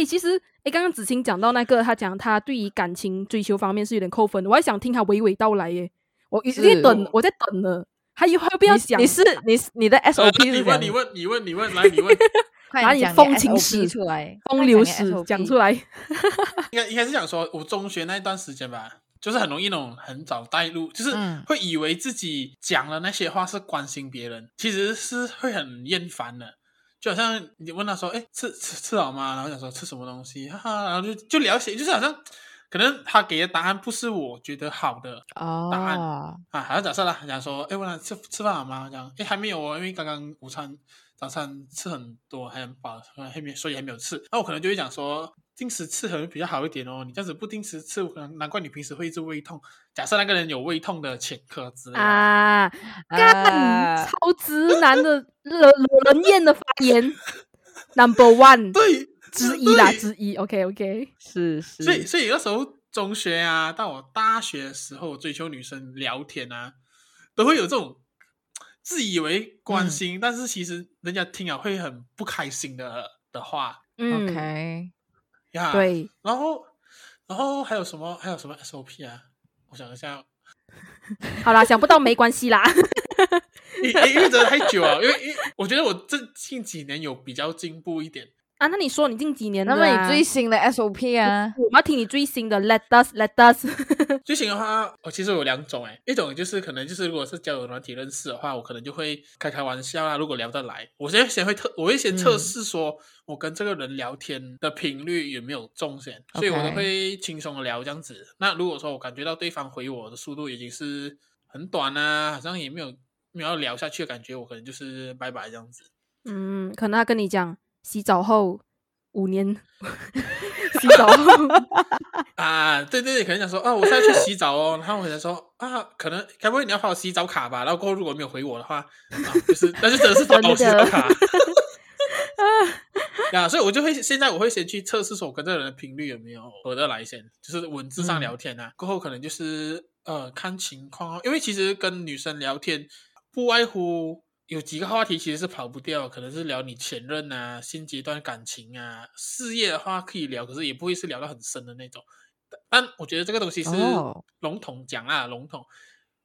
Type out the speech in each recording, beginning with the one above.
哎，其實，誒、欸，剛剛子清講到那個，他講他對於感情追求方面是有點扣分的，我還想聽他娓娓道來耶。我一直在等，我在等呢。他一會要不要講？你是你是你的 SOP？、啊、你問你問你問你問，來你問，把 你風情史你出來，你風流史講出來。應該應該是想說我中學那一段時間吧，就是很容易那種很早帶入，就是會以為自己講的那些話是關心別人，其實是會很厭煩的。.就好像你問他說，哎，吃吃吃了嗎？然後想說吃什麼東西，哈哈，然後就就了解，就是好像可能他給的答案不是我覺得好的答案、oh. 啊，好像假設啦，講說，哎，問他吃吃飯了嗎？講，哎，還沒有哦，因為剛剛午餐、早餐吃很多，還很飽，還沒所以還沒有吃。那我可能就會講說。定時吃可能比較好一點哦。你這樣子不定時吃，可能難怪你平時會一直胃痛。假設那個人有胃痛的前科之類的啊，啊，啊 ，超直男的、冷言冷語的發言 ，Number One，對，之一啦，之一。OK，OK，okay, okay, 是是。是所以，所以那時候中學啊，到我大學的時候追求女生聊天啊，都會有這種自以為關心，嗯、但是其實人家聽了會很不開心的的話。嗯、OK。Yeah, 對，然後，然後還有什麼？還有什麼 SOP 啊？我想一下。好啦，想不到沒關係啦 。因為因為真的太久了，因為因為我覺得我這近幾年有比較進步一點。啊，那你說你近幾年、啊，那麼你最新的 S O P 啊？我要聽你最新的 Let Us Let Us 。最新的話，我其實有兩種哎、欸，一種就是可能就是如果是交友軟體認識的話，我可能就會開開玩笑啊。如果聊得來，我先先會特我會先測試說，我跟這個人聊天的頻率有沒有中線，嗯、所以我都會輕鬆的聊這樣子。<Okay. S 2> 那如果說我感覺到對方回我的速度已經是很短呢、啊，好像也沒有沒有聊下去的感覺，我可能就是拜拜這樣子。嗯，可能他跟你講。洗澡後五年，洗澡啊，啊，對對對，可能想說啊，我現在去洗澡哦。然後我想說啊，可能會不會你要發我洗澡卡吧？然後過後如果沒有回我的話，啊、就是那就真的是偷洗澡卡。啊，所以我就會現在我會先去測試說，我跟這人的頻率有沒有合得來先，就是文字上聊天啊，嗯、過後可能就是呃看情況哦，因為其實跟女生聊天不外乎。有幾個話題其實是跑不掉，可能是聊你前任啊、新階段感情啊、事業的話可以聊，可是也不會是聊到很深的那種。但我覺得這個東西是籠統講啊，oh. 籠統，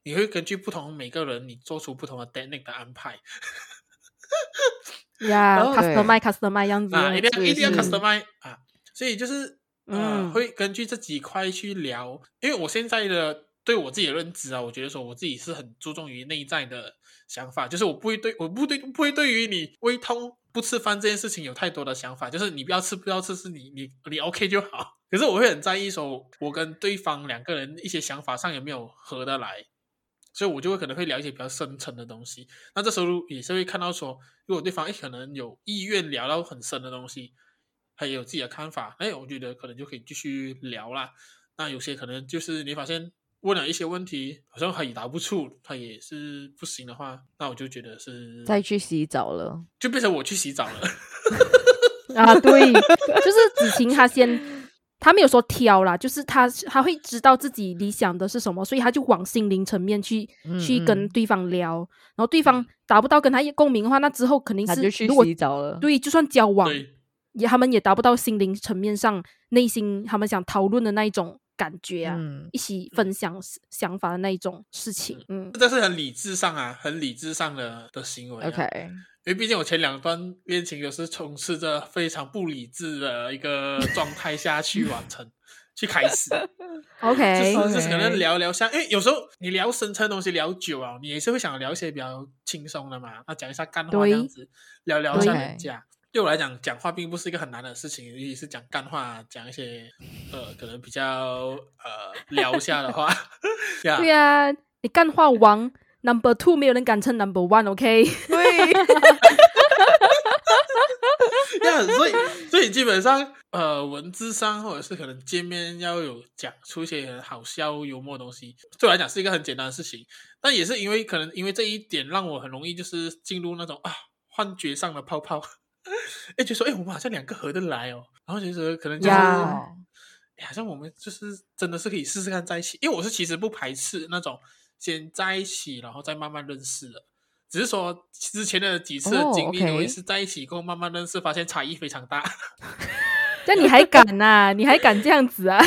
你會根據不同每個人，你做出不同的單 a 的安排。哈 哈哈哈 <Yeah, S 1>、oh, customize，customize 樣子啊，一定要一定要 customize 啊！所以就是、呃、嗯，會根據這幾塊去聊。因為我現在的對我自己的認知啊，我覺得說我自己是很注重於內在的。想法就是我不會對我不對不會對於你胃痛，不吃飯這件事情有太多的想法，就是你不要吃不要吃是你你你 OK 就好。可是我會很在意說，我跟對方兩個人一些想法上有沒有合得來，所以我就會可能會聊一些比較深層的東西。那這時候也是會看到說，如果對方可能有意願聊到很深的東西，他也有自己的看法，哎，我覺得可能就可以繼續聊啦。那有些可能就是你發現。問了一些問題，好像他也答不出，他也是不行的話，那我就覺得是再去洗澡了，就變成我去洗澡了。啊，對，就是子晴他先，他沒有說挑啦，就是他他會知道自己理想的是什麼，所以他就往心靈層面去、嗯、去跟對方聊，嗯、然後對方達不到跟他共鳴的話，那之後肯定是他就去洗澡了，對，就算交往也他們也達不到心靈層面上內心他們想討論的那一種。感覺啊，一起分享想法的那一種事情，嗯，這是很理智上啊，很理智上的的行為。OK，因為畢竟我前兩段戀情都是充斥着非常不理智的一個狀態下去完成，去開始。OK，就是可能聊聊下，哎，有時候你聊深層東西聊久啊，你也是會想聊一些比較輕鬆的嘛，啊，講一下幹話這樣子聊聊一下人家。對我來講，講話並不是一個很難的事情，尤其是講幹話，講一些呃，可能比較呃，撩下的話。<Yeah. S 2> 對呀、啊，你幹話王，Number Two，沒有人敢稱 Number One，OK？、Okay? 對。yeah, 所以，所以基本上，呃，文字上或者是可能見面要有講出一些好笑、幽默東西，對我來講是一個很簡單的事情。但也是因為可能因為這一點，讓我很容易就是進入那種啊，幻覺上的泡泡。哎，就、欸、說哎、欸，我們好像兩個合得來哦，然後其實可能就是，好 <Yeah. S 1>、欸、像我們就是真的是可以試試看在一起。因為我是其實不排斥那種先在一起，然後再慢慢認識的。只是說之前的幾次的經歷，有一次在一起以後慢慢認識，oh, <okay. S 1> 發現差異非常大。但你還敢吶、啊？你還敢這樣子啊？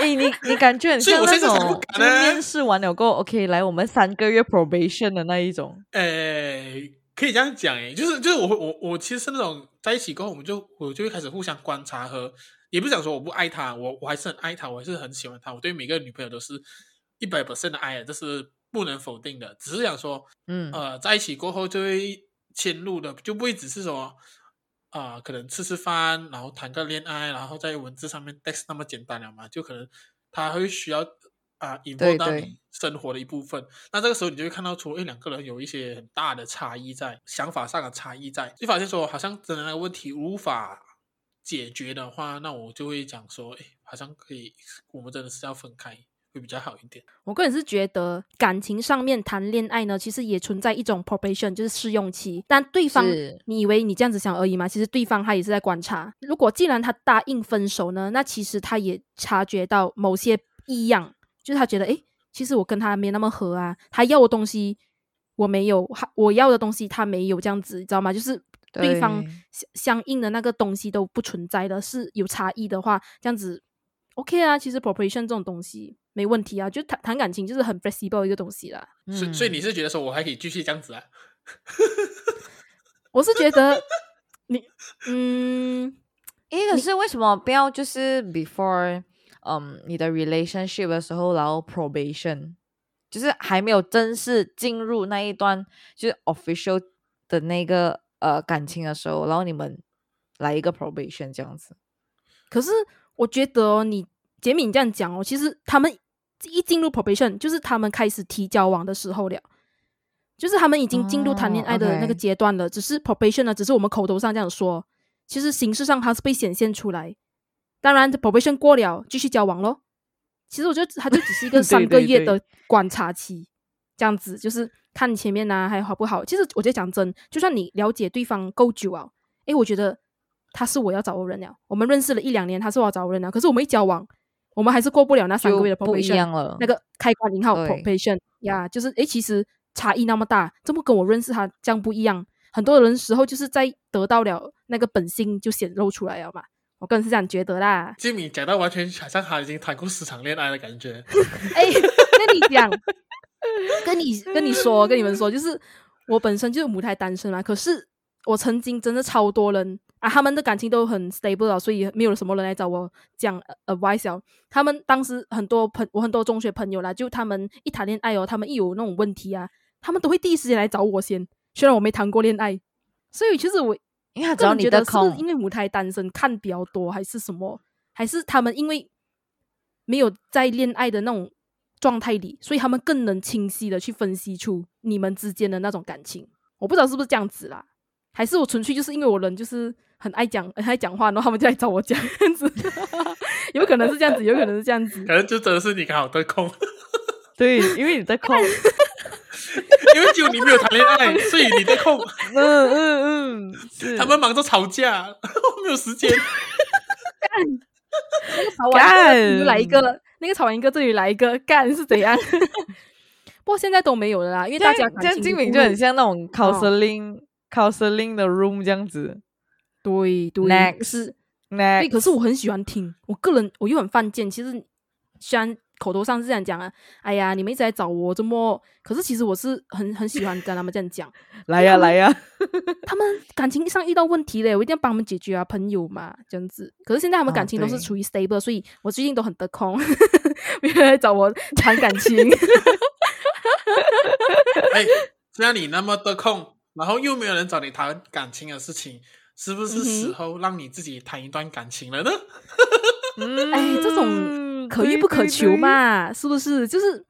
哎 、欸，你你感覺很像那種面試完了過後，OK，來我們三個月 probation 的那一種。哎、欸可以這樣講哎，就是就是我我我其實是那種在一起過後我，我們就我就會開始互相觀察和，也不想說我不愛他，我我還是很愛他，我還是很喜歡他。我對每個女朋友都是一百%的愛啊，這是不能否定的，只是想說，嗯呃，在一起過後就會遷入的，就不會只是說啊、呃、可能吃吃飯，然後談個戀愛，然後在文字上面 text 那麼簡單了嘛，就可能他會需要。啊，involve、uh, 到你生活的一部分。對對，那這個時候，你就會看到，出，誒，兩個人有一些很大的差異在，想法上的差異在，就發現說，好像真的那個問題無法解決的話，那我就會講說，哎，好像可以，我們真的是要分開會比較好一點。我個人是覺得，感情上面談戀愛呢，其實也存在一種 probation，就是試用期。但對方，你以為你這樣子想而已嗎？其實對方他也是在觀察。如果既然他答應分手呢，那其實他也察覺到某些異樣。就是他覺得，哎、欸，其實我跟他沒那麼合啊。他要的東西我沒有，我要的東西他沒有，這樣子你知道嗎？就是對方相相應的那個東西都不存在的。是有差異的話，這樣子 OK 啊。其實 propagation 這種東西沒問題啊，就談談感情，就是很 flexible 一個東西啦。嗯、所以，你是覺得說我還可以繼續這樣子啊？我是覺得你，嗯，因為是為什麼不要就是 before。嗯，um, 你的 relationship 的時候，然後 probation，就是還沒有正式進入那一段，就是 official 的那個呃感情的時候，然後你們來一個 probation 這樣子。可是我覺得、哦、你杰明這樣講哦，其實他們一進入 probation，就是他們開始提交往的時候了，就是他們已經進入談戀愛的那個階段了，uh, okay. 只是 probation 呢，只是我們口頭上這樣說，其實形式上它是被顯現出來。當然 probation 過了，繼續交往咯。其實我覺得，它就只是一個三個月的觀察期，對對對對這樣子就是看前面呢、啊、還好不好。其實，我覺得講真，就算你了解對方夠久啊，哎，我覺得他是我要找的人了，我們認識了一兩年，他是我要找的人了。可是我們一交往，我們還是過不了那三個月的 probation 那個開關信號 probation 呀，就是哎，其實差異那麼大，這麼跟我認識他這樣不一樣？很多人時候就是在得到了那個本性就顯露出來了嘛。我個人是這樣覺得啦。金敏講到完全好像他已經談過十場戀愛的感覺。哎，跟你講，跟你跟你說，跟你們說，就是我本身就是母胎單身嘛。可是我曾經真的超多人啊，他們的感情都很 stable，所以沒有什麼人來找我講呃 advice 他們當時很多朋，我很多中學朋友啦，就他們一談戀愛哦，他們一有那種問題啊，他們都會第一時間來找我先。雖然我沒談過戀愛，所以其實我。因為他我覺得是，是因為母胎單身看比較多，還是什麼？還是他們因為沒有在戀愛的那種狀態裡，所以他們更能清晰的去分析出你們之間的那種感情。我不知道是不是這樣子啦，還是我純粹就是因為我人就是很愛講、很愛講話，然後他們就來找我講這樣子。有可能是這樣子，有可能是這樣子，可能就真的是你剛好得空。對，因為你得空。因為就你沒有談戀愛，所以你的空，嗯嗯 嗯，嗯他們忙着吵架，沒有時間。幹，幹、那個！個吵完，來一個了，那個吵完一個，這裡來一個，幹是怎樣？不過現在都沒有了啦，因為大家現在精明就很像那種、哦、counseling counseling 的 room 這樣子。對對，next next，可是我很喜歡聽，我個人我又很犯賤，其實雖然。口頭上是這樣講啊，哎呀，你們一直在找我，這麼？可是其實我是很很喜歡跟他們這樣講，來呀來呀，他們感情上遇到問題了，我一定要幫他們解決啊，朋友嘛這樣子。可是現在他們感情都是處於 stable，、啊、所以我最近都很得空，別 人來找我談感情。哎，既然你那麼得空，然後又沒有人找你談感情的事情，是不是時候讓你自己談一段感情了呢？嗯、哎，這種。可遇不可求嘛，對對對是不是？就是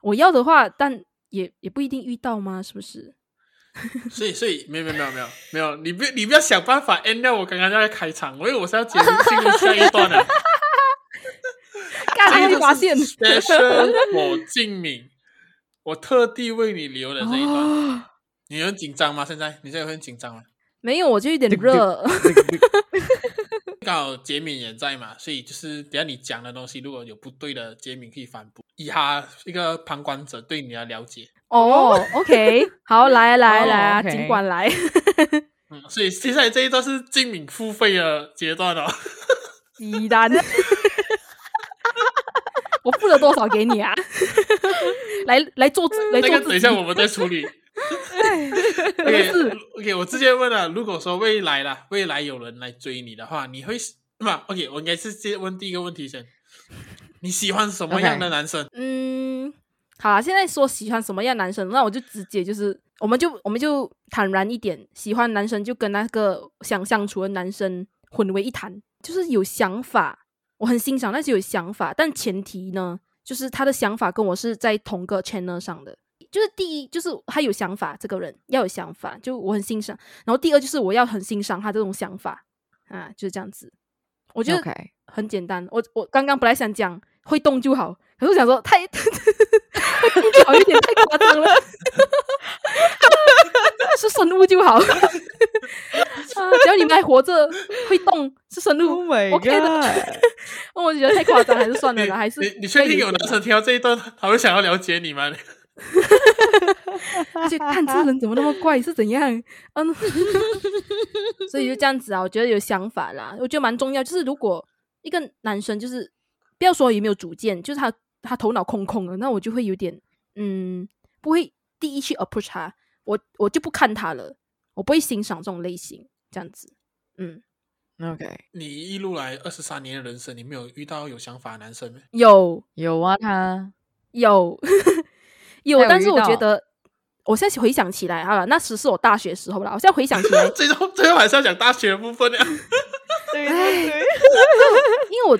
我要的話，但也也不一定遇到嘛，是不是？所以，所以，沒有，沒有，沒有，沒有，你不要，你不要想辦法 end 掉我剛剛在開場，我因為我是要結進入下一段的。這個是 special for 靜敏 ，我特地為你留的這一段。哦、你很緊張嗎？現在，你現在很緊張嗎？沒有，我就有點熱。剛好杰敏也在嘛，所以就是等下你講的東西如果有不對的，杰敏可以反駁，以他一個旁觀者對你的了解。哦、oh，OK，好，oh, okay. 好來來來啊，儘管來。嗯，所以接下來這一段是杰敏付費的階段哦。一單，我付了多少給你啊？來來做，來做那個等一下我們再處理。OK，OK，、okay, okay, 我直接問了。如果說未來了，未來有人來追你的話，你會不、嗯、？OK，我應該是先問第一個問題先。你喜歡什麼樣的男生？Okay. 嗯，好，現在說喜歡什麼樣的男生，那我就直接就是，我們就我們就坦然一點。喜歡男生就跟那個想相處的男生混為一談，就是有想法，我很欣賞那些有想法，但前提呢，就是他的想法跟我是在同個 channel 上的。就是第一，就是他有想法，這個人要有想法，就我很欣賞，然後第二，就是我要很欣賞他這種想法啊，就是這樣子。我覺得很簡單。<Okay. S 1> 我我剛剛本來想講會動就好，可是我想說太 好一點 太誇張了，是生物就好 、啊、只要你們還活着，會動是生物。Oh、OK 的，那 我覺得太誇張，還是算了啦。還是你你確定有男生聽到這一段，他會想要了解你嗎？哈哈哈哈哈！看這個人怎麼那麼怪，是怎樣？嗯 ，所以就這樣子啊。我覺得有想法啦，我覺得蠻重要。就是如果一個男生，就是不要說有沒有主見，就是他他頭腦空空的，那我就會有點嗯，不會第一去 approach 他，我我就不看他了，我不會欣賞這種類型這樣子。嗯，OK，你一路來二十三年的人生，你沒有遇到有想法的男生？有有啊他，他有。有，但是我覺得，我現在回想起來，啊，那時是我大學時候了。我現在回想起來，最終最後還是要講大學的部分了。對，對對 因為我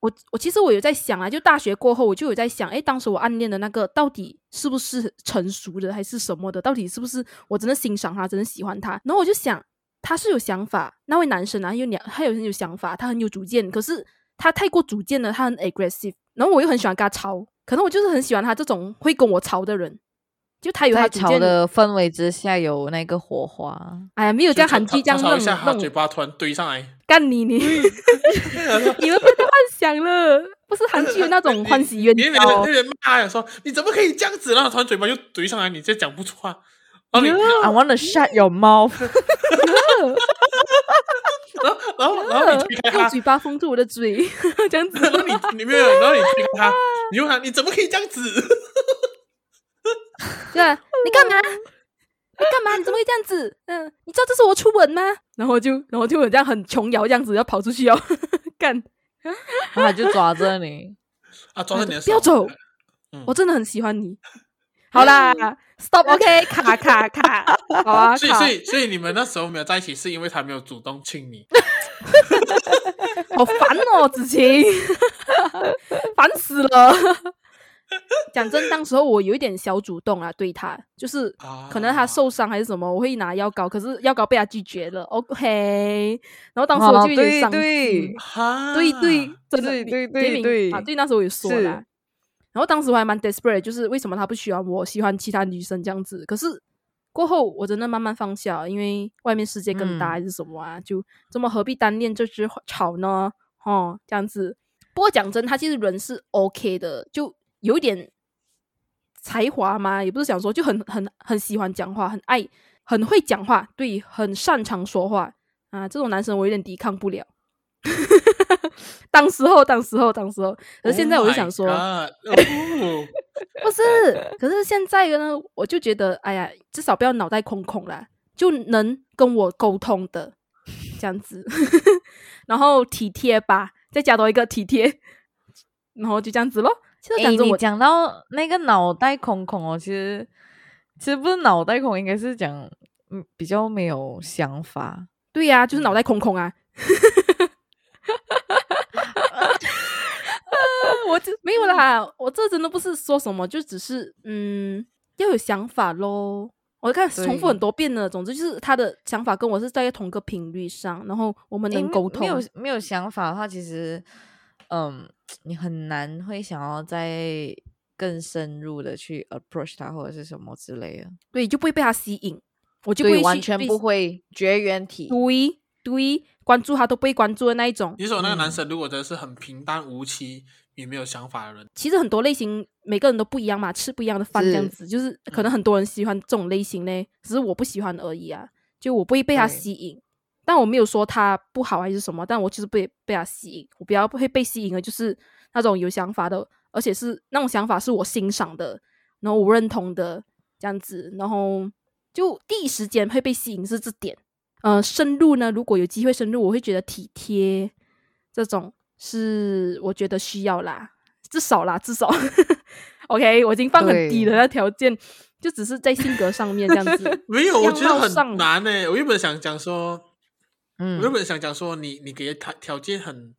我我其實我有在想啊，就大學過後，我就有在想，哎，當時我暗戀的那個到底是不是成熟的，還是什麼的？到底是不是我真的欣賞他，真的喜歡他？然後我就想，他是有想法，那位男生啊，有兩，他有很有想法，他很有主見，可是他太過主見了，他很 aggressive，然後我又很喜歡跟他吵。可能我就是很喜歡他這種會跟我吵的人，就他有他吵的氛圍之下有那個火花。哎呀，沒有像韓劇這樣，那種嘴巴突然懟上來，幹你你！你們真的幻想了，不是韓劇那種歡喜冤家。有 人罵、啊、說你怎麼可以這樣子，然後突然嘴巴就懟上來，你就講不出話。Yeah, no, I wanna shut your mouth。<Yeah. S 1> 然後，然後，然後你推開他，用嘴巴封住我的嘴，這樣子。然後你，你沒有。然後你推開他，你問他，你怎麼可以這樣子？對，你幹嘛？你幹嘛？你幹嘛？你怎麼會這樣子？嗯，你知道這是我初吻嗎？然後就，然後就這樣，很瓊瑤這樣子，要跑出去哦。幹，然後他就抓着你，啊，抓着你的手，不要走。嗯，我真的很喜歡你。好啦。Stop OK，卡卡卡！卡 oh，所以所以所以，你們那時候沒有在一起，是因為他沒有主動親你。好煩哦，子晴，煩 死了。講 真，當時候我有一點小主動啊，對他，就是、oh. 可能他受傷還是什麼，我會拿藥膏，可是藥膏被他拒絕了。OK，然後當時我就有點傷心。對對，真的對對對，對那時候我也說了啦。然後當時我還蠻 desperate，就是為什麼他不喜歡我，喜歡其他女生這樣子。可是過後我真的慢慢放下，因為外面世界更大還是什麼啊？嗯、就這麼何必單戀這只草呢？哦，這樣子。不過講真，他其實人是 OK 的，就有點才華嘛，也不是想說，就很很很喜歡講話，很愛，很會講話，對，很擅長說話。啊，這種男生我有點抵抗不了。哈哈哈！當時候，當時候，當時候。可是現在，我就想說，oh oh. 不是。可是現在呢，我就覺得，哎呀，至少不要腦袋空空啦，就能跟我溝通的這樣子，然後體貼吧，再加多一個體貼，然後就這樣子咯。其實、欸、你講到那個腦袋空空哦，其實其實不是腦袋空，應該是講嗯，比較沒有想法。對呀、啊，就是腦袋空空啊。嗯 哈，哈，哈，哈，哈，哈，我這沒有啦，嗯、我這真的不是說什麼，就只是嗯，要有想法咯，我看重複很多遍了，總之就是他的想法跟我是在同一個頻率上，然後我們能溝通、欸。沒有沒有想法的話，其實嗯，你很難會想要再更深入的去 approach 他或者是什麼之類的。對，就不會被他吸引，我就會完全不會絕緣體。對。對，關注他都不會關注的那一種。你說那個男生如果真的是很平淡無奇，也沒有想法的人、嗯，其實很多類型每個人都不一樣嘛，吃不一樣的飯這樣子，是就是可能很多人喜歡這種類型嘞，嗯、只是我不喜歡而已啊。就我不會被他吸引，但我沒有說他不好還是什麼，但我就是被被他吸引。我比較會被吸引的，就是那種有想法的，而且是那種想法是我欣賞的，然後我認同的這樣子，然後就第一時間會被吸引是這點。呃，深入呢？如果有機會深入，我會覺得體貼，這種是我覺得需要啦，至少啦，至少。OK，我已經放很低的那條件，就只是在性格上面這樣子。沒有，我覺得很難誒、欸。我原本想講說，嗯，我原本想講說你，你你給他條件很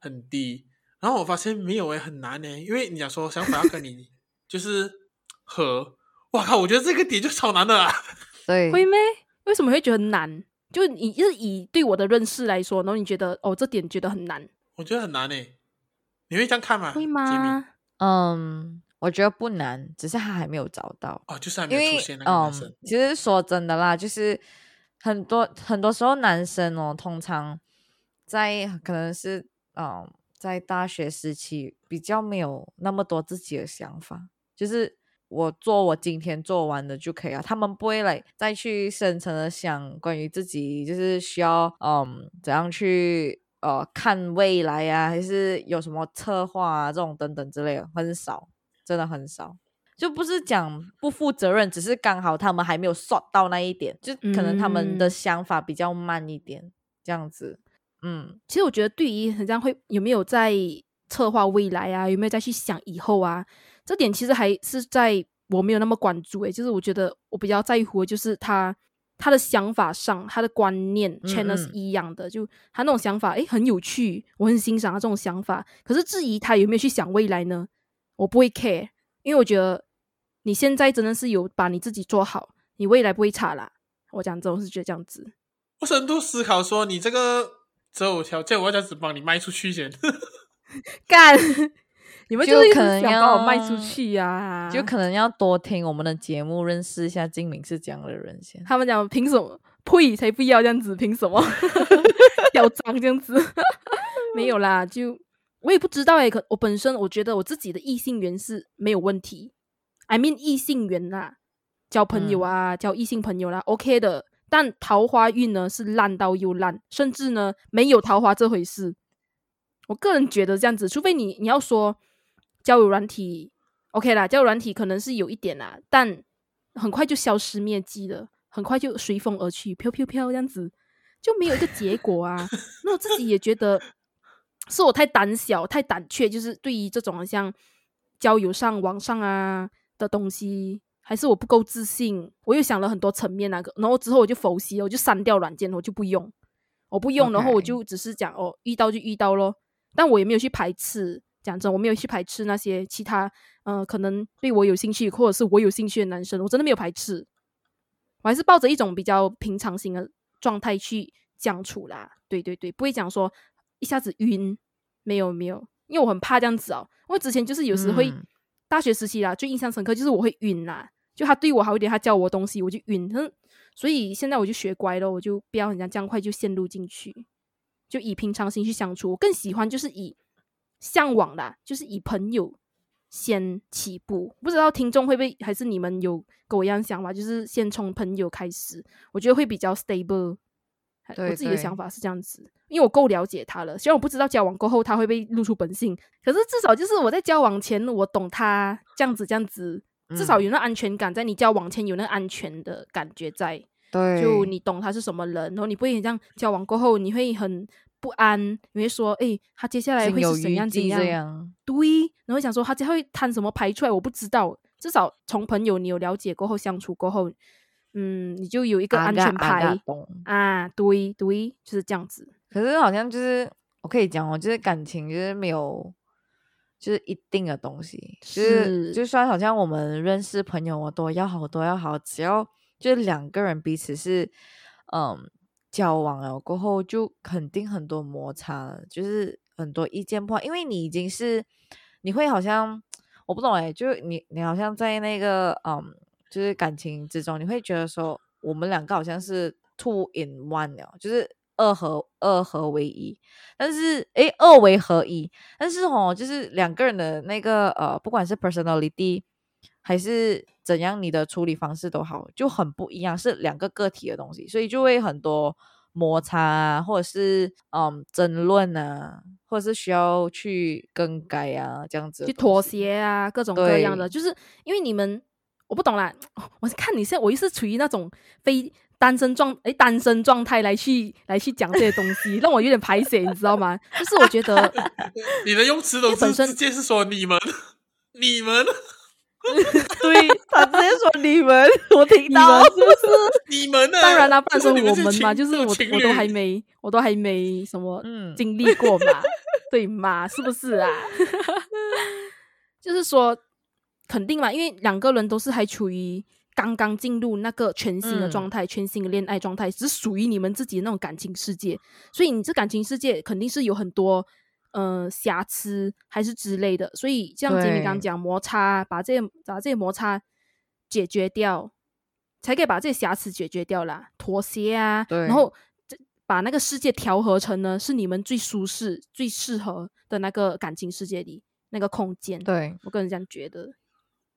很低，然後我發現沒有誒、欸，很難誒、欸，因為你想說想法要跟你 就是和，哇靠，我覺得這個點就超難的啦、啊。對，會咩。為什麼會覺得很難？就是你、就是以對我的認識來說，然後你覺得哦，這點覺得很難。我覺得很難誒，你會這樣看嗎？會嗎？嗯，Jingmin? um, 我覺得不難，只是他還，還沒有找到哦，oh, 就是還沒有因為出現哦，um, 其實說真的啦，就是很多很多時候男生哦，通常在可能是嗯，um, 在大學時期比較沒有那麼多自己的想法，就是。我做我今天做完的就可以了，他們不會來再去深層的想關於自己，就是需要嗯，怎樣去呃，看未來啊，還是有什麼策劃啊這種等等之類的，很少，真的很少，就不是講不負責任，只是剛好他們還沒有刷到那一點，就可能他們的想法比較慢一點，嗯、這樣子，嗯，其實我覺得對於人家會有沒有在策劃未來啊，有沒有再去想以後啊？這點其實還是在我沒有那麼關注，誒，就是我覺得我比較在乎就是他他的想法上，他的觀念全都是一樣的，就他那種想法，哎，很有趣，我很欣賞他這種想法。可是質疑他有沒有去想未來呢？我不會 care，因為我覺得你現在真的是有把你自己做好，你未來不會差啦。我講這種是覺得這樣子，我深度思考說你這個擇偶條件，我要這樣子幫你賣出去先，幹。你們就是可能想把我賣出去呀、啊，就可能要多聽我們的節目，認識一下精明是這樣的人先。他們講憑什麼呸才不要這樣子，憑什麼吊髒 這樣子？沒有啦，就我也不知道、欸、可我本身我覺得我自己的異性緣是沒有問題，I mean 異性緣啦，交朋友啊，嗯、交異性朋友啦，OK 的。但桃花運呢是爛到又爛，甚至呢沒有桃花這回事。我個人覺得這樣子，除非你你要說。交友軟體，OK 啦。交友軟體可能是有一點啦、啊，但很快就消失滅跡了，很快就隨風而去，飄飄飄飄這樣子，就沒有一個結果啊。那我 自己也覺得是我太膽小、太膽怯，就是對於這種、啊、像交友上、上網上啊的東西，還是我不夠自信。我又想了很多層面那、啊、個，然後之後我就佛系，我就刪掉軟件，我就不用，我不用，<Okay. S 1> 然後我就只是講哦，遇到就遇到咯，但我也沒有去排斥。講真，我沒有去排斥那些其他，嗯、呃，可能對我有興趣或者是我有興趣的男生，我真的沒有排斥，我還是抱着一種比較平常心的狀態去相處啦。對對對，不會講說一下子暈，沒有沒有，因為我很怕這樣子哦。我之前就是有時會、嗯、大學時期啦，最印象深刻就是我會暈啦。就他對我好一點，他教我東西，我就暈哼。所以現在我就學乖了，我就不要人家這樣快就陷入進去，就以平常心去相處。我更喜歡就是以。嚮往啦，就是以朋友先起步。不知道聽眾會不會，還是你們有跟我一樣想法，就是先從朋友開始。我覺得會比較 stable。對對。我自己的想法是這樣子，因為我夠了解他了。雖然我不知道交往過後他會不會露出本性，可是至少就是我在交往前我懂他這樣子，這樣子，至少有那安全感在。你交往前有那安全的感覺在，對，就你懂他是什麼人，然後你不會很這樣交往過後你會很。不安，因為說誒、欸，他接下來會是怎樣？樣怎樣？樣對，然後想說他他會攤什麼牌出來，我不知道。至少從朋友，你有了解過後，相處過後，嗯，你就有一個安全牌啊,啊,啊。對對，就是這樣子。可是好像就是我可以講哦，就是感情就是沒有，就是一定的東西。就是，是就算好像我們認識朋友我都要好多要好，只要就是兩個人彼此是嗯。交往了過後，就肯定很多摩擦，就是很多意見不好，因為你已經是，你會好像我不懂哎、欸，就你你好像在那個嗯，就是感情之中，你會覺得說我們兩個好像是 two in one 哦，就是二合二合為一。但是誒，二為合一，但是吼，就是兩個人的那個呃，不管是 personality 還是。怎樣你的處理方式都好，就很不一樣，是兩個個體的東西，所以就會很多摩擦啊，或者是嗯爭論啊，或者是需要去更改啊，這樣子去妥協啊，各種各樣的。就是因為你們我不懂啦、哦，我看你現在我又是處於那種非單身狀哎單身狀態，來去來去講這些東西，讓我有點排解，你知道嗎？就是我覺得 你的用詞都是直接是說你們你們。對，他直接說你們，我聽到是不是？你們呢、啊？當然啦，不然說我們嘛，是就是我我都還沒，我都還沒什麼經歷過嘛，嗯、對嘛，是不是啊？就是說肯定嘛，因為兩個人都是還處於剛剛進入那個全新的狀態，嗯、全新的戀愛狀態，只是屬於你們自己的那種感情世界，所以你這感情世界肯定是有很多。嗯、呃，瑕疵還是之類的，所以像金明剛講，摩擦把這些把這些摩擦解決掉，才可以把這些瑕疵解決掉了。妥協啊，然後這把那個世界調和成呢，是你們最舒適、最適合的那個感情世界裡那個空間。對我個人這樣覺得，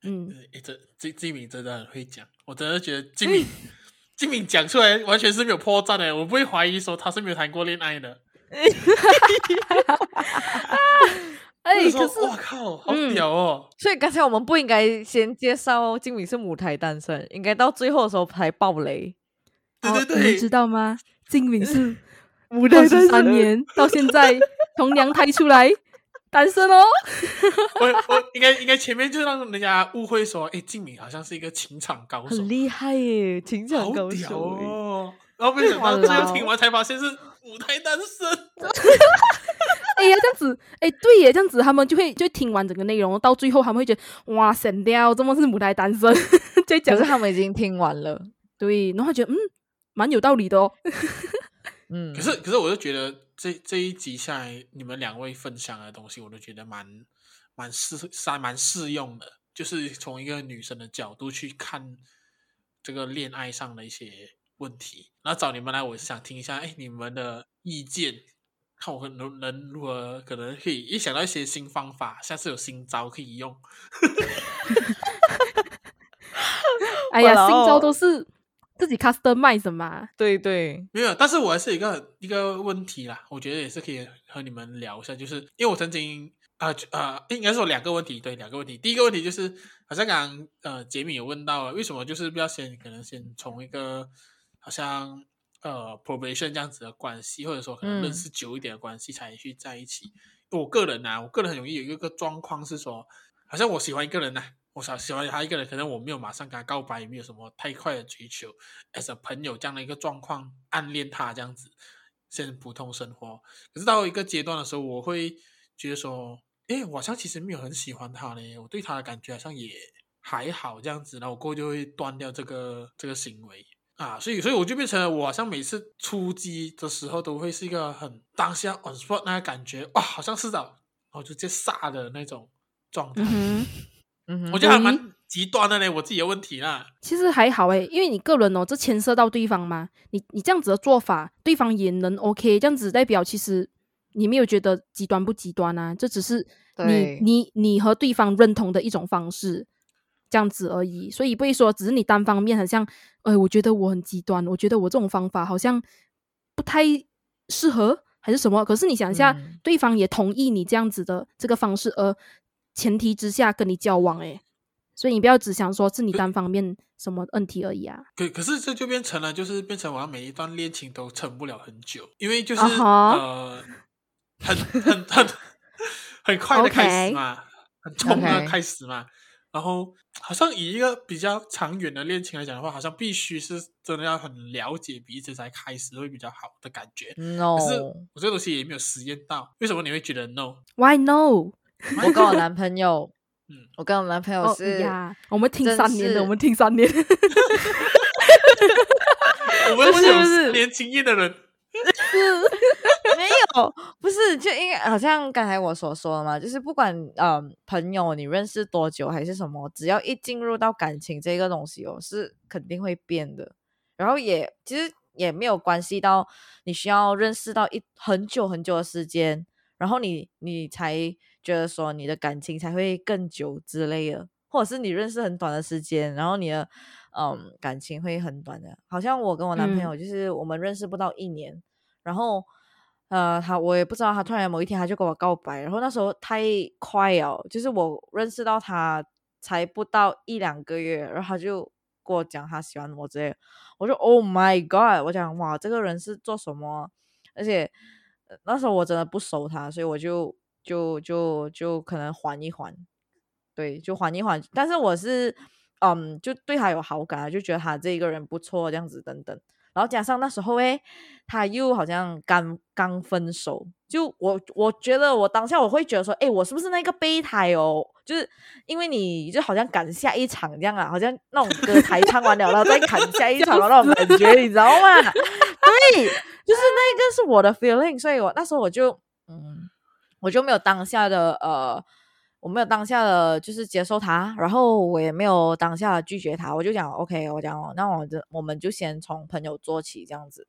嗯，這金金明真的很會講，我真的覺得金明 金明講出來完全是沒有破綻的，我不會懷疑說他是沒有談過戀愛的。哈哈哈！哎，可是我靠，好屌哦！所以剛才我們不應該先介紹哦，靜敏是母胎單身，應該到最後的時候才爆雷。對對對，你們知道嗎？靜敏是五六三年到現在從娘胎出來單身哦。我我應該應該前面就讓人家誤會說，哎，靜敏好像是一個情場高手，很厲害耶，情場高手。哦，然後沒想到最後聽完才發現是。舞台單身，哎呀 、欸啊，這樣子，哎、欸，對耶，這樣子，他們就會就會聽完整個內容，到最後他們會覺得哇，神雕怎麼是母胎單身？就假設他們已經聽完了，對，然後我覺得嗯，蠻有道理的，哦。嗯。可是，可是，我就覺得這這一集下來，你們兩位分享的東西，我都覺得蠻蠻適、蠻蠻適用的，就是從一個女生的角度去看這個戀愛上的一些問題。然後找你們來，我是想聽一下，哎，你們的意見，看我能能如何，可能可以一想到一些新方法，下次有新招可以用。哎呀，新招都是自己 customize 的嘛。對對，沒有。但是我還是一個一個問題啦，我覺得也是可以和你們聊一下，就是因為我曾經啊啊、呃呃，應該是有兩個問題，對，兩個問題。第一個問題就是，好像剛剛，呃，傑米有問到，為什麼就是不要先，可能先從一個。好像呃 probation 這樣子的關係，或者說可能認識久一點的關係才去在一起。嗯、我個人呢、啊，我個人很容易有一個狀況是說，好像我喜歡一個人呢、啊，我喜喜歡他一個人，可能我沒有馬上跟他告白，也沒有什麼太快的追求，as a, As a 朋友，這樣的一個狀況，暗戀他這樣子，先普通生活。可是到一個階段的時候，我會覺得說、欸，我好像其實沒有很喜歡他嘞，我對他的感覺好像也還好這樣子，然後我過後就會斷掉這個這個行為。啊，所以所以我就變成了，我好像每次出擊的時候都會是一個很當下、很爽那個感覺，哇，好像是的，我就直接殺的那種狀態。嗯，嗯，我覺得還蠻極端的嘞，嗯、我自己的問題啦。其實還好誒、欸，因為你個人哦，這牽涉到對方嘛，你你這樣子的做法，對方也能 OK，這樣子代表其實你沒有覺得極端不極端啊？這只是你你你和對方認同的一種方式。這樣子而已，所以不會說只是你單方面很，好、欸、像，我覺得我很極端，我覺得我這種方法好像不太適合還是什麼。可是你想一下，對方也同意你這樣子的這個方式，而前提之下跟你交往、欸，所以你不要只想說是你單方面什麼問題而已啊。可可是這就變成了，就是變成我要每一段戀情都撐不了很久，因為就是、uh huh. 呃，很很很很快的開始嘛，很衝 <Okay. S 2> 的開始嘛。Okay. 然後，好像以一個比較長遠的戀情來講的話，好像必須是真的要很了解彼此才開始會比較好的感覺。No，可是我這個東西也沒有實驗到，為什麼你會覺得 No？Why No？我跟我男朋友，嗯，我跟我男朋友是、oh, <yeah. S 2> 是我們聽三年的，我們聽三年，我們不是年輕人的人。是 。沒有，不是，就因為好像剛才我所說的嘛，就是不管，嗯、呃、朋友你認識多久還是什麼，只要一進入到感情這個東西哦，是肯定會變的。然後也其實也沒有關係到你需要認識到一很久很久的時間，然後你你才覺得說你的感情才會更久之類的，或者是你認識很短的時間，然後你的嗯、呃、感情會很短的。好像我跟我男朋友、嗯、就是我們認識不到一年，然後。呃，他我也不知道，他突然某一天他就跟我告白，然後那時候太快哦，就是我認識到他才不到一兩個月，然後他就跟我講他喜歡我之類，我說 Oh my God，我講哇，這個人是做什麼？而且那時候我真的不熟他，所以我就就就就可能緩一緩，對，就緩一緩。但是我是嗯，就對他有好感，就覺得他這個人不錯，這樣子等等。然後加上那時候誒，他又好像剛剛分手，就我我覺得我當下我會覺得說，誒，我是不是那個備胎哦？就是因為你就好像趕下一場這樣啊，好像那種歌台唱完了，然後再趕下一場的 那種感覺，你知道嗎？對，就是那個是我的 feeling，所以我那時候我就嗯，我就沒有當下的呃。我沒有當下的就是接受他，然後我也沒有當下拒絕他，我就講 OK，我講那我就我們就先從朋友做起這樣子。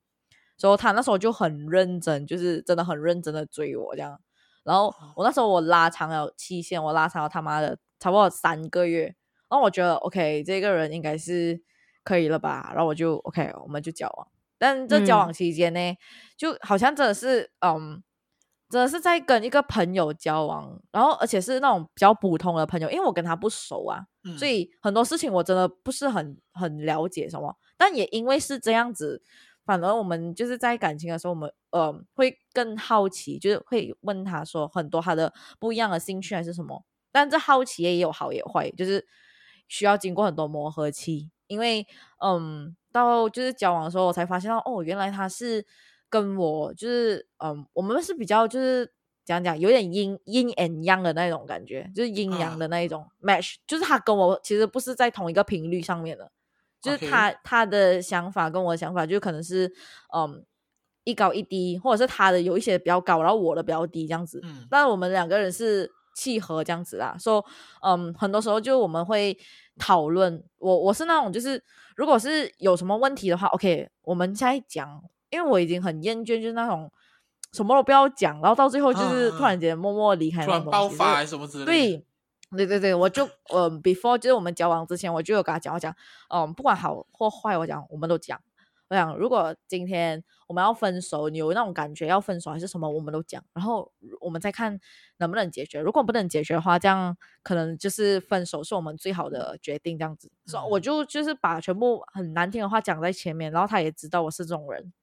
所、so, 以他那時候就很認真，就是真的很認真的追我這樣。然後我那時候我拉長了期限，我拉長了他媽的差不多三個月。然後我覺得 OK，這個人應該是可以了吧？然後我就 OK，我們就交往。但這交往期間呢，嗯、就好像真的是嗯。真的是在跟一個朋友交往，然後而且是那種比較普通的朋友，因為我跟他不熟啊，嗯、所以很多事情我真的不是很很了解什麼。但也因為是這樣子，反而我們就是在感情的時候，我們呃會更好奇，就是會問他說很多他的不一樣的興趣還是什麼。但這好奇也有好也有壞，就是需要經過很多磨合期，因為嗯、呃、到就是交往的時候，我才發現哦，原來他是。跟我就是，嗯，我們是比較就是講講有點陰陰 and 陽的那種感覺，就是陰陽的那一種 match，uh，就是他跟我其實不是在同一個頻率上面的，就是他 Okay. 他的想法跟我的想法就可能是，嗯，一高一低，或者是他的有一些比較高，然後我的比較低這樣子，嗯，但我們兩個人是契合這樣子啦，說，so，嗯，很多時候就我們會討論，我我是那種就是，如果是有什麼問題的話，OK，我們再講。因為我已經很厭倦，就是那種什麼都不要講，然後到最後就是突然間默默離開，啊，突然爆發還是什麼之類的。對，對對對，我就嗯 、um,，before 就是我們交往之前，我就有跟他講，我講嗯，um, 不管好或壞，我講我們都講，我講如果今天我們要分手，你有那種感覺要分手還是什麼，我們都講，然後我們再看能不能解決。如果不能解決的話，這樣可能就是分手是我們最好的決定，這樣子。所以、嗯、我就就是把全部很難聽的話講在前面，然後他也知道我是這種人。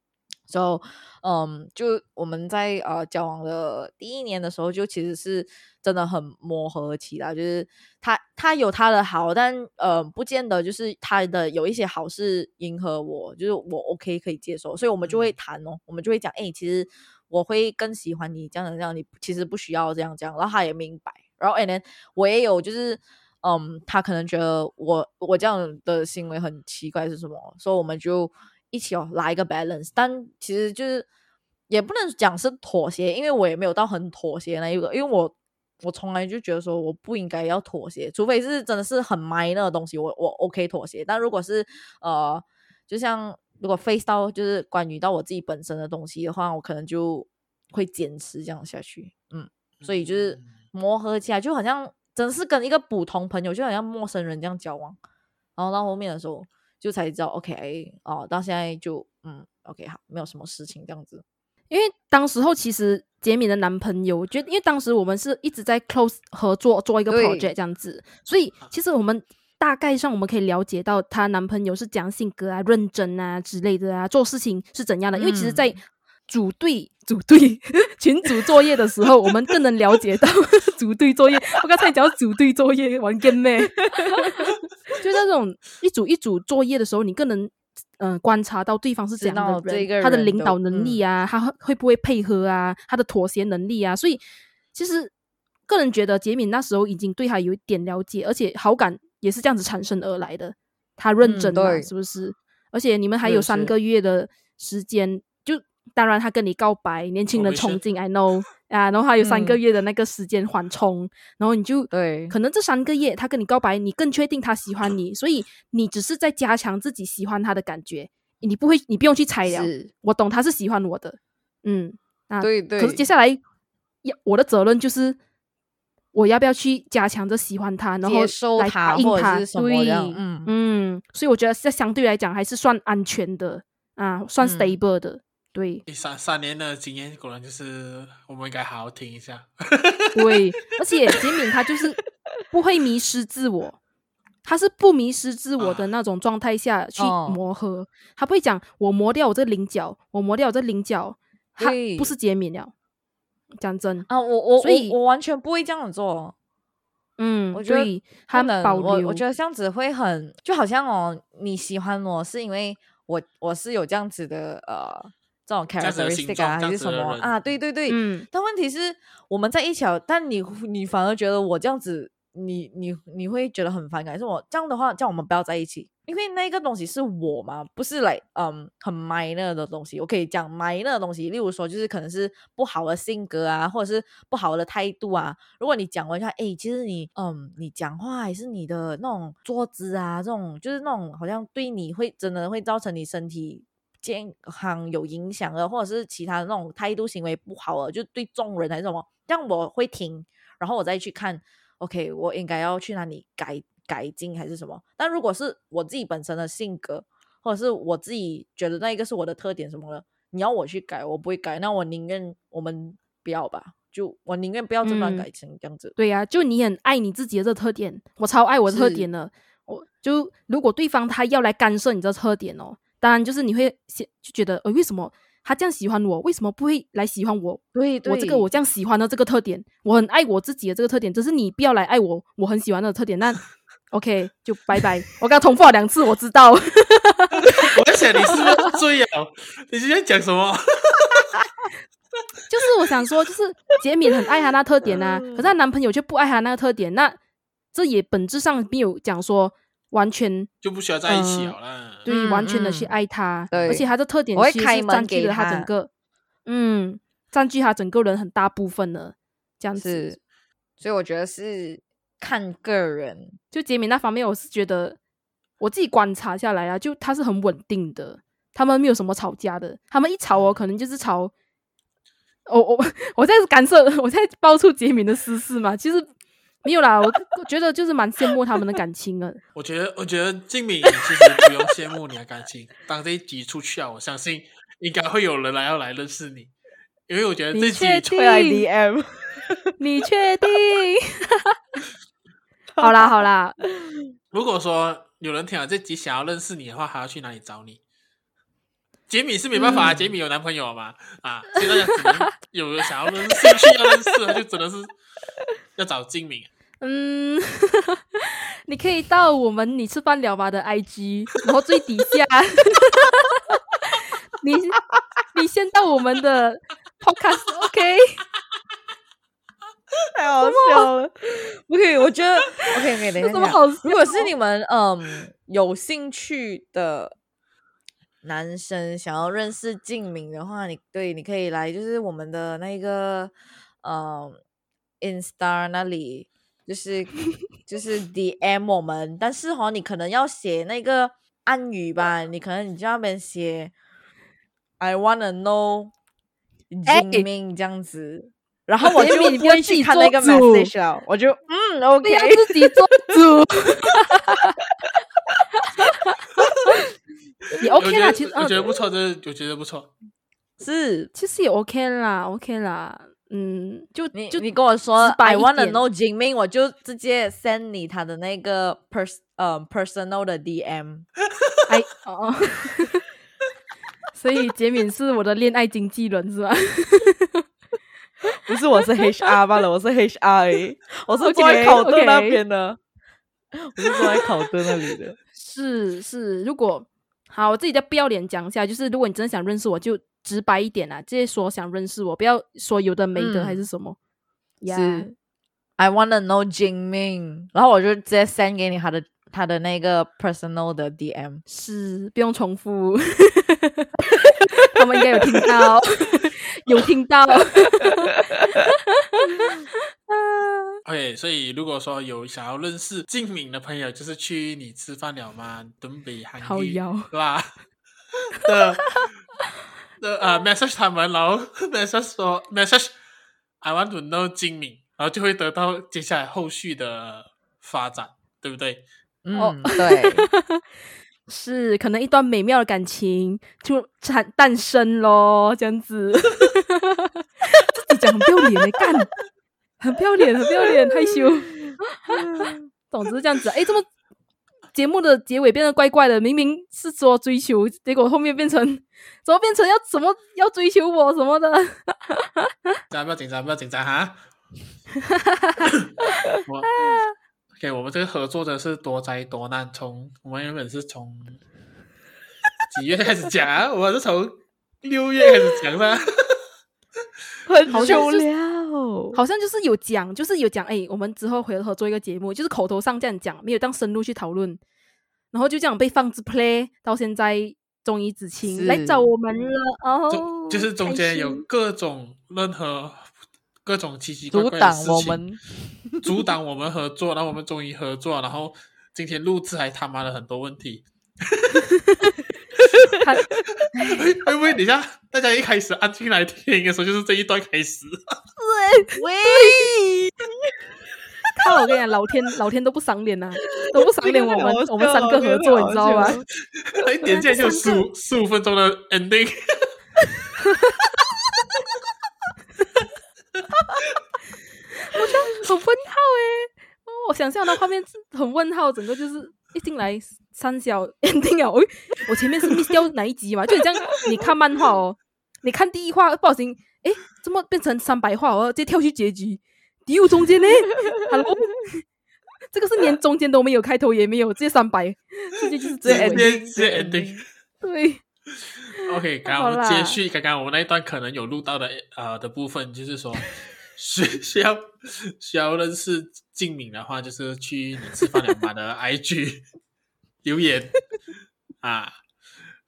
所以，嗯，so, um, 就我們在呃、uh, 交往的第一年的時候，就其實是真的很磨合期啦。就是他他有他的好，但呃，uh, 不見得就是他的有一些好事迎合我，就是我 OK 可以接受。所以我們就會談哦，嗯、我們就會講，哎、欸，其實我會更喜歡你這樣這樣，你其實不需要這樣講。然後他也明白，然後呢，我也有就是，嗯、um,，他可能覺得我我這樣的行為很奇怪是什麼？所以我們就。一起要、哦、來一個 balance，但其實就是也不能講是妥協，因為我也沒有到很妥協那一個，因為我我從來就覺得說我不應該要妥協，除非是真的是很 minor 那個東西，我我 OK 妥協。但如果是呃，就像如果 face 到就是關於到我自己本身的東西的話，我可能就會堅持這樣下去。嗯，所以就是磨合起來就好像真的是跟一個普通朋友，就好像陌生人這樣交往，然後到後面的時候。就才知道，OK 哦，到現在就嗯，OK 好，沒有什麼事情這樣子。因為當時候其實傑米的男朋友，我覺得因為當時我們是一直在 close 合作做一個 project 這樣子，所以其實我們大概上我們可以了解到她男朋友是講性格啊、認真啊之類的啊，做事情是怎樣的。嗯、因為其實，在組隊，組隊，群組作業的時候，我們更能了解到組隊作業。我剛才講組隊作業玩 game 就那種一組一組作業的時候，你更能嗯、呃、觀察到對方是怎樣的人，他的領導能力啊，嗯、他會不會配合啊，他的妥協能力啊。所以，其實個人覺得傑敏那時候已經對他有一點了解，而且好感也是這樣子產生而來的。他認真了，嗯、是不是？而且你們還有三個月的時間。當然，他跟你告白，年輕人憧憬，I know 啊，然後還有三個月的那個時間緩衝，嗯、然後你就對，可能這三個月他跟你告白，你更確定他喜歡你，所以你只是在加強自己喜歡他的感覺，你不會，你不用去猜了。我懂他是喜歡我的，嗯，啊，對對。可是接下來，要我的責任就是，我要不要去加強着喜歡他，然後來回應他？他對，嗯嗯，所以我覺得這相對來講還是算安全的啊，算 stable 的。嗯對，三三年的經驗果然就是，我們應該好好聽一下。對，而且杰敏他就是不會迷失自我，他是不迷失自我的那種狀態下去磨合，啊哦、他不會講我磨掉我這稜角，我磨掉我這稜角，掉他不是杰敏了。講真啊，我我我我完全不會這樣做。嗯，我覺得們保留我，我覺得這樣子會很就好像哦，你喜歡我是因為我我是有這樣子的呃。這種 characteristic 啊，還是什麼啊？對對對，嗯、但問題是我們在一起，啊，但你你反而覺得我這樣子，你你你會覺得很反感。是我這樣的話叫我們不要在一起，因為那個東西是我嘛，不是來，嗯，很埋汰的東西，我可以講埋汰的東西。例如說，就是可能是不好的性格啊，或者是不好的態度啊。如果你講完一下，哎，其實你嗯，你講話還是你的那種坐姿啊，這種就是那種好像對你會真的會造成你身體健康有影響啊，或者是其他那種態度行為不好了，就對眾人還是什麼，這樣我會聽，然後我再去看，OK，我應該要去哪裡改改進還是什麼？但如果是我自己本身的性格，或者是我自己覺得那一個是我的特點什麼的，你要我去改，我不會改，那我寧願我們不要吧，就我寧願不要這麼改成這樣子。嗯、對呀、啊，就你很愛你自己的這特點，我超愛我的特點的。我就如果對方他要來干涉你的特點哦。當然，就是你會先就覺得，呃，為什麼他這樣喜歡我？為什麼不會來喜歡我？對，對我這個我這樣喜歡的這個特點，我很愛我自己的這個特點，只是你不要來愛我，我很喜歡的特點。那 OK，就拜拜。我剛重複了兩次，我知道。我在想你是不是醉了 你是意哦，你今天講什麼？就是我想說，就是杰米很愛他那特點呢、啊，可是她男朋友卻不愛他那個特點。那這也本質上沒有講說完全就不需要在一起好了，呃、了。對，嗯、完全的去愛他，嗯、而且他的特點是佔據他整個，嗯，佔據他整個人很大部分的這樣子，所以我覺得是看個人。就杰敏那方面，我是覺得我自己觀察下來啊，就他是很穩定的，他們沒有什麼吵架的，他們一吵我、哦、可能就是吵，我、哦、我、哦、我在感受我在爆出杰敏的私事嘛，其實。沒有啦，我覺得就是蠻羨慕他們的感情的，我覺得，我覺得靜敏其實不用羨慕你的感情，當這一集出去啊，我相信應該會有人來要來認識你，因為我覺得這集會來 DM，你確定？哈哈。好啦，好啦。如果說有人聽了這集想要認識你的話，還要去哪裡找你？杰米是沒辦法啊，嗯，杰米有男朋友嗎？啊，所以大家有想要認識的，就只能是要找靜敏。嗯，你可以到我們“你吃飯了嗎”的 IG，然後最底下。你你先到我們的 Podcast OK，太好笑了。不可以，我覺得 OK 可以的。等一下講。如果是你們嗯、um, 有興趣的。男生想要認識靜明的話，你對，你可以來就是我們的那個嗯、呃、Instar 那裡，就是就是 DM 我們。但是哈，你可能要寫那個暗語吧，你可能你就那邊寫 I wanna know 靜明 <Hey, S 1> 這樣子，然後我就不會去看那個 message 了 我就嗯 OK，不要自己做主。也 OK 啦，其實我覺、啊、覺得不錯，真的我覺得不錯。是，其實也 OK 啦，OK 啦，嗯，就你就你跟我說百萬的 No，杰敏，Jimin，我就直接 send 你他的那個 pers 呃、uh, personal 的 DM。哎 哦，哦，所以杰敏是我的戀愛經紀人是吧？不是，我是 HR 罷了，我是 HR 我是過來考的那邊的，我是過來考的那的 okay, okay. 考的那裡的。是是，如果。好，我自己在不要臉講一下，就是如果你真的想認識我，就直白一點啦！直接說想認識我，不要說有的沒的還是什麼。嗯、<Yeah. S 2> 是，I wanna know Jingming，然後我就直接 send 給你他的他的那個 personal 的 DM，是，不用重複，他們應該有聽到，有聽到。OK，所以如果說有想要認識金敏的朋友，就是去你吃飯了嗎？Don't Be Hungry Lah 是吧？的的啊 、uh,，message 他們，然後 message 說 message，I want to know 金敏，然後就會得到接下來後續的發展，對不對？哦、oh, 嗯，對，是可能一段美妙的感情就產誕,誕生咯，這樣子，自己講不丟你的干。很不要臉，很不要臉，害羞。總之是這樣子、啊。哎、欸，這麼節目的結尾變得怪怪的，明明是說追求，結果後面變成怎麼變成要怎麼要追求我什麼的？大家不要緊張，不要緊張哈。哈哈哈 OK 我們這個合作的是多災多難，從我們原本是從幾月開始講啊？我們是從六月開始講的、啊，很丟臉。好像就是有講，就是有講，哎、欸，我們之後回合，做一個節目，就是口頭上這樣講，沒有這樣深入去討論，然後就這樣被放置 play，到現在終於知青來找我們了，哦，就是中間有各種任何各種奇奇怪怪的事情阻擋我們 阻擋我們合作，然後我們終於合作，然後今天錄製還他媽的很多問題，哎 ，看，會不會等下大家一開始安靜來聽的時候，就是這一段開始？喂！看我跟你講，老天老天都不賞臉了，都不賞臉我們老老我們三個合作，你知道吧？一點進來就十五十五分鐘的 ending。我覺得很問號哎、欸哦！我想象那畫面是很問號，整個就是一進來三小 ending 哦、欸。我前面是 miss 掉哪一集嘛？就這樣，你看漫畫哦。你看第一話不好心。哎，怎麼變成三百話？我直接跳去結局，丟中間嘞。Hello？這個是連中間都沒有開頭也沒有，直接三百，直接就是直最。ending。這這對，OK，剛剛好我們接續剛剛我們那一段可能有錄到的啊、呃、的部分，就是說，需要需要認識靜敏的話，就是去你吃飯 liao 嗎的 IG 留言啊。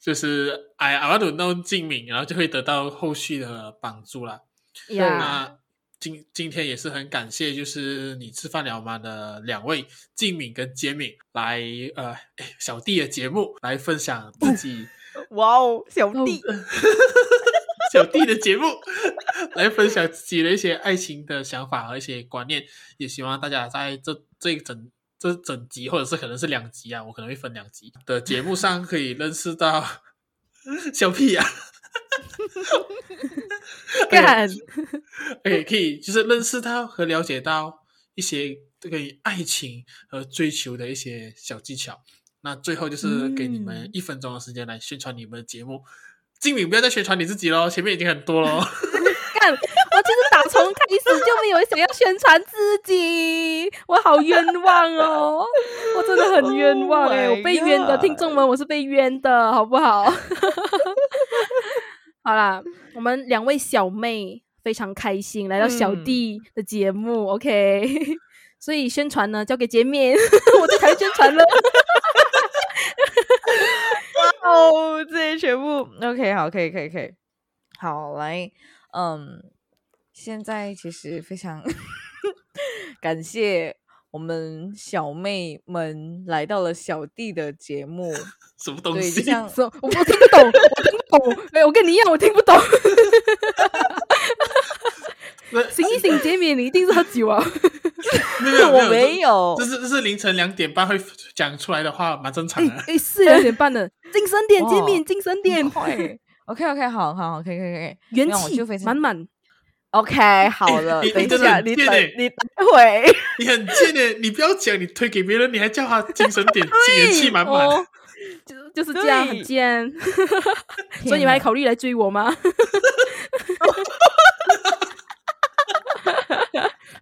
就是 I want to know 靜敏，然後就會得到後續的幫助啦 <Yeah. S 1> 那今今天也是很感謝，就是你吃飯了嗎的兩位靜敏跟杰敏來呃誒小弟的節目來分享自己。哇哦，小弟，小弟的節目 來分享自己的一些愛情的想法和一些觀念，也希望大家在這這一整。這整集，或者是可能是兩集啊，我可能會分兩集的節目上，可以認識到小屁啊，哈哈哈，可以就是認識到和了解到一些這個愛情和追求的一些小技巧。那最後就是給你們一分鐘的時間來宣傳你們的節目，靜敏不要再宣傳你自己咯，前面已經很多咯。我就是打從開始就沒有想要宣傳自己，我好冤枉哦！我真的很冤枉哎，我被冤的聽眾們，我是被冤的好不好？好啦，我們兩位小妹非常開心來到小弟的節目，嗯、，OK，所以宣傳呢交給杰敏，我就開始宣傳了。哦，這些全部 OK，好，可、okay, 以、okay, okay.，可以，可以，好來。嗯，現在其實非常感謝我們小妹們來到了小弟的節目。什麼東西？我我聽不懂，我聽不懂。沒有，我跟你一樣，我聽不懂。醒一醒，傑米，你一定是喝酒啊。沒有沒有，我沒有。這是這是凌晨兩點半會講出來的話，蠻正常的。哎，是兩點半的，精神點，傑米，精神點，快。OK，OK，好好好，可以可以可以。元氣滿滿，OK，好了，等一下，你等你待會，你很賤欸，你不要講，你推給別人，你還叫他精神點，元氣滿滿，就就是這樣，很賤。所以你們還考慮來追我嗎？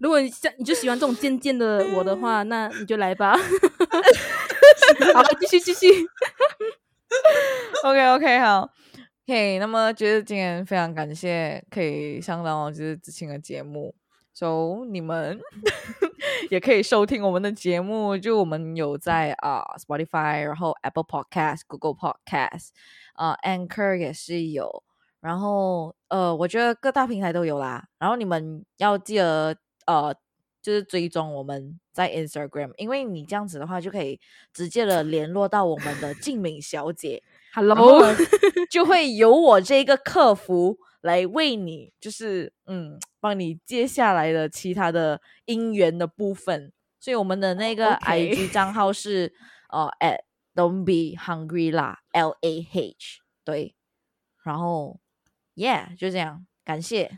如果你像你就喜歡這種賤賤的我的話，那你就來吧。好吧，繼續繼續。OK，OK，好。OK 那麼覺得今天非常感謝可以上到就是知青的節目，So, 你們 也可以收聽我們的節目。就我們有在啊、uh, Spotify，然後 Apple Podcast，Google Podcast，啊 Podcast,、uh, Anchor 也是有，然後呃，我覺得各大平台都有啦。然後你們要記得呃，就是追蹤我們在 Instagram，因為你這樣子的話就可以直接的聯絡到我們的靜敏小姐。Hello，就會由我這個客服來為你，就是嗯，幫你接下來的其他的姻緣的部分。所以我們的那個 IG 賬號是哦、oh, <okay. S 1> uh,，at Don't Be Hungry 啦，L A H，對。然後，Yeah，就這樣，感謝。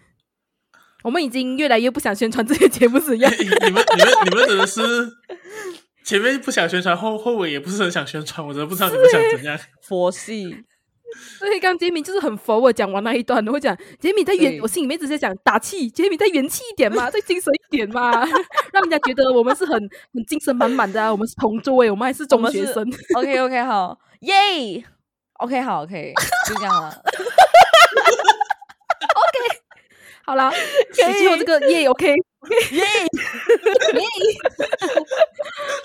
我們已經越來越不想宣傳這些節目了，你們你們你們怎麼是？前面不想宣傳，後後尾也不是很想宣傳，我真的不知道你們想怎樣。佛系，所以剛杰米就是很佛。我講完那一段，會講杰米在元，我心裡面只是在講打氣，杰米再元氣一點嘛，再精神一點嘛，讓人家覺得我們是很很精神滿滿的。我們是同桌，我們還是中學生。OK OK，好耶，OK 好 OK 就這樣了。OK 好了，最後這個耶 OK。耶 <Yay!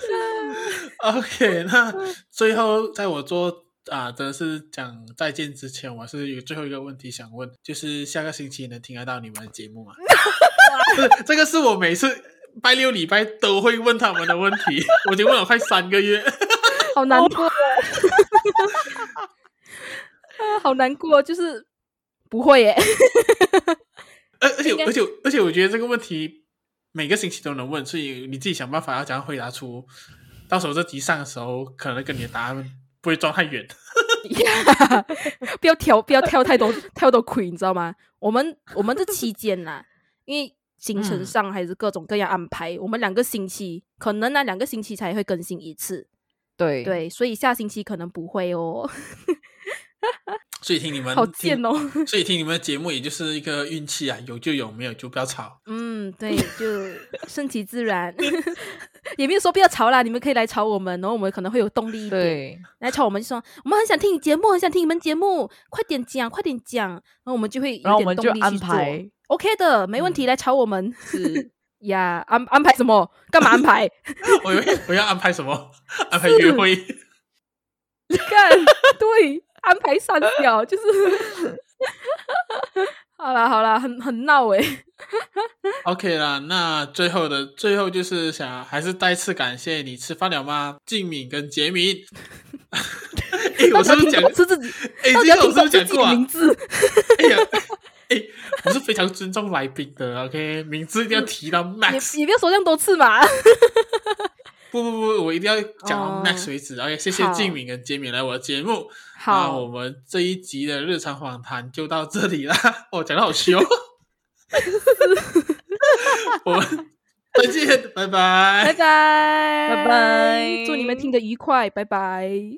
笑 >，OK，那最後在我做啊的是講再見之前，我是有最後一個問題想問，就是下個星期能聽得到你們的節目嗎 ？不是，這個是我每次拜六禮拜都會問他們的問題，我已經問了快三個月，好難過 、啊，好難過，就是不會耶，而且而且而且，我覺得這個問題。每個星期都能問，所以你自己想辦法要怎樣回答出。到時候這集上的時候，可能跟你的答案不會撞太遠。yeah, 不要跳，不要跳太多，跳多虧，你知道嗎？我們我們這期間吶，因為行程上還是各種各樣安排，嗯、我們兩個星期可能那兩個星期才會更新一次。對對，所以下星期可能不會哦。所以聽你們好賤哦！所以聽你們的節目，也就是一個運氣啊，有就有，沒有就不要吵。嗯，對，就順其自然，也沒有說不要吵啦。你們可以來吵我們，然後我們可能會有動力一點。來吵我們就說，我們很想聽你節目，很想聽你們節目，快點講，快點講。然後我們就會，然後我們就安排，OK 的，沒問題。來吵我們，是呀，安安排什麼？幹嘛安排？我要我要安排什麼？安排約會？你看，對。安排上吊，就是，好啦好啦，很很鬧誒、欸。OK 啦，那最後的最後就是想，還是再次感謝你吃飯了嗎？靜敏跟傑敏。我是不是講吃自己？哎、欸，我是不是講錯名字？名字 哎呀，哎，我是非常尊重來賓的。OK，名字一定要提到 Max，你、嗯、不要說這樣多次嘛。不不不，我一定要講到 Next，oh，為止。o、okay，也謝謝靜敏跟杰敏來我的節目。好，那我們這一集的日常訪談就到這裡啦。哦，講的好笑。我們再見，拜拜 ，拜拜 ，拜拜，祝你們聽得愉快，拜拜。